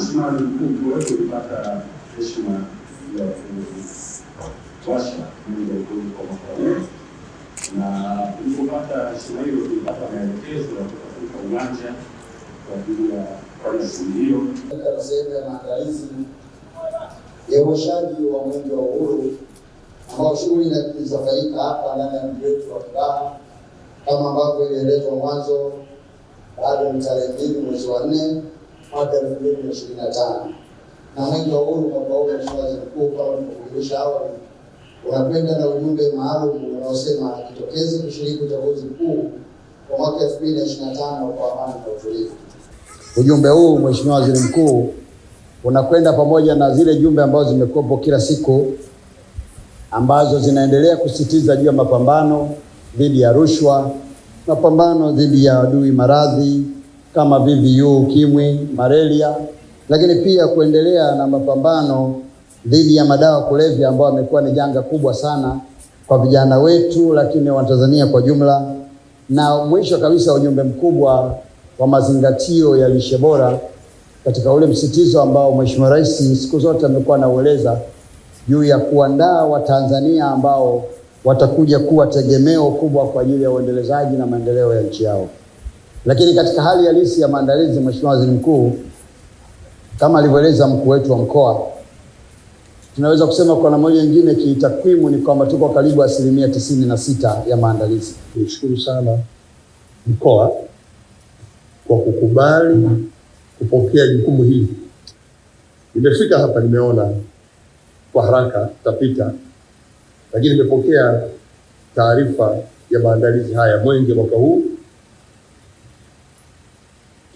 Mheshimiwa mkuu wetu ulipata heshima ya kuwasha Bunge la kwa mwaka huu, na ulipopata heshima hiyo tulipata maelekezo ya kutafuta uwanja kwa ajili ya kufanya shughuli hiyo katika sehemu ya maandalizi ya uwashaji wa Mwenge wa Uhuru ambao shughuli itafanyika hapa ndani ya mji wetu wa Kibaha kama ambavyo ilielezwa mwanzo, bado ni tarehe mbili mwezi wa nne mwaka elfu mbili na ishirini na tano na mwenge wa uhuru mwaka huu, Mheshimiwa Waziri Mkuu, kama nilivyokujulisha awali, unakwenda na ujumbe maalum unaosema ajitokeze kushiriki uchaguzi mkuu kwa mwaka elfu mbili na ishirini na tano kwa amani na utulivu. Ujumbe huu Mheshimiwa Waziri Mkuu unakwenda pamoja na zile jumbe ambazo zimekuwepo kila siku ambazo zinaendelea kusisitiza juu ya mapambano dhidi ya rushwa, mapambano dhidi ya adui maradhi kama VVU, ukimwi, malaria, lakini pia kuendelea na mapambano dhidi ya madawa kulevya ambayo amekuwa ni janga kubwa sana kwa vijana wetu, lakini Watanzania kwa jumla. Na mwisho kabisa, ujumbe mkubwa wa mazingatio ya lishe bora katika ule msitizo ambao Mheshimiwa Rais siku zote amekuwa anaueleza juu ya kuandaa Watanzania ambao watakuja kuwa tegemeo kubwa kwa ajili ya uendelezaji na maendeleo ya nchi yao. Lakini katika hali halisi ya maandalizi, Mheshimiwa Waziri Mkuu, kama alivyoeleza mkuu wetu wa mkoa, tunaweza kusema kwa namna moja nyingine, kitakwimu ni kwamba tuko karibu asilimia tisini na sita ya maandalizi. Nishukuru sana mkoa kwa kukubali kupokea jukumu hili. Nimefika hapa nimeona kwa haraka tapita, lakini nimepokea taarifa ya maandalizi haya mwenge mwaka huu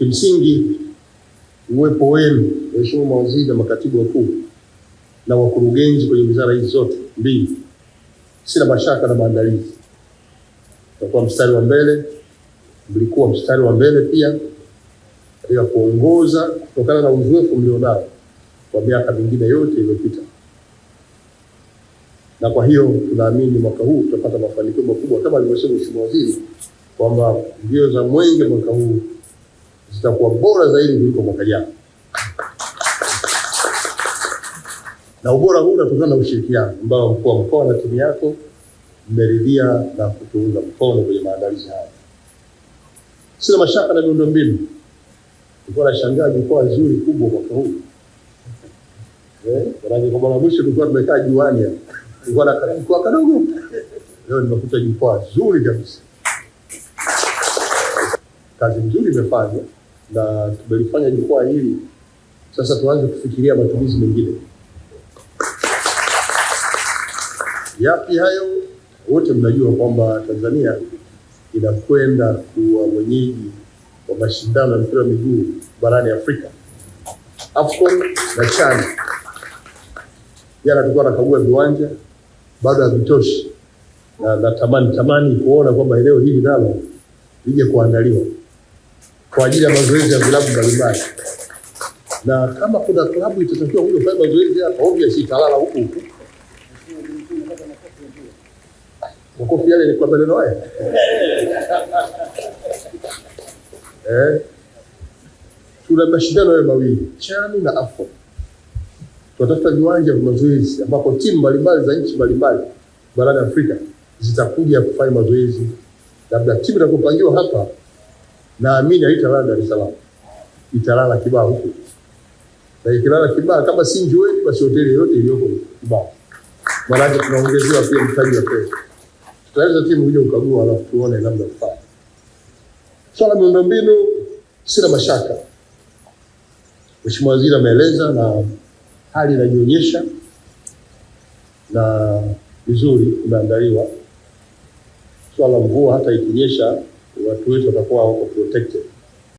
Kimsingi, uwepo wenu waheshimiwa mawaziri na makatibu wakuu na wakurugenzi kwenye wizara hizi zote mbili, sina mashaka na maandalizi. Mtakuwa mstari wa mbele, mlikuwa mstari wa mbele pia katika kuongoza kutokana na uzoefu mlionao kwa miaka mingine yote iliyopita, na kwa hiyo tunaamini mwaka huu tutapata mafanikio makubwa kama alivyosema mheshimiwa waziri kwamba mbio za mwenge mwaka huu zitakuwa bora zaidi kuliko mwaka jana, na ubora huu unatokana na ushirikiano ambao mkuu wa mkoa na timu yako mmeridhia na kutuunga mkono kwenye maandalizi haya. Sina mashaka na miundombinu. na shangaa jukwaa zuri kubwa mwaka huu eh, maanake kwa mara mwisho tulikuwa tumekaa juani hapa, na jukwaa kadogo. Leo nimekuta jukwaa zuri kabisa. Kazi nzuri imefanywa na tumelifanya jukwaa hili sasa, tuanze kufikiria matumizi mengine. Yapi hayo? Wote mnajua kwamba Tanzania inakwenda kuwa mwenyeji wa mashindano ya mpira wa miguu barani Afrika, AFCON na CHAN. Jana tulikuwa nakagua viwanja, bado havitoshi, na natamani tamani kuona kwamba eneo hili nalo lije kuandaliwa kwa ajili ya mazoezi ya vilabu mbalimbali, na kama kuna klabu itatakiwa kuja kufanya mazoezi hapa, obviously italala huku huku. Makofi yale ni kwa maneno haya eh. Tuna mashindano hayo mawili chani na afo, tunatafuta viwanja vya mazoezi ambapo timu mbalimbali za nchi mbalimbali barani Afrika zitakuja kufanya mazoezi, labda timu itakopangiwa hapa naamini haitalala Dar es Salaam, italala Kibaa huko, na ikilala Kibaa kama si Njiweni, basi hoteli yoyote iliyoko Kibaa, maanake tunaongezewa pia mtaji wa pesa. Tutaweza timu kuja ukagua, alafu tuone namna kufanya swala. So, miundombinu sina mashaka, Mheshimiwa Waziri ameeleza na hali inajionyesha na vizuri, imeandaliwa swala mvua, hata ikinyesha watu wetu watakuwa wako protected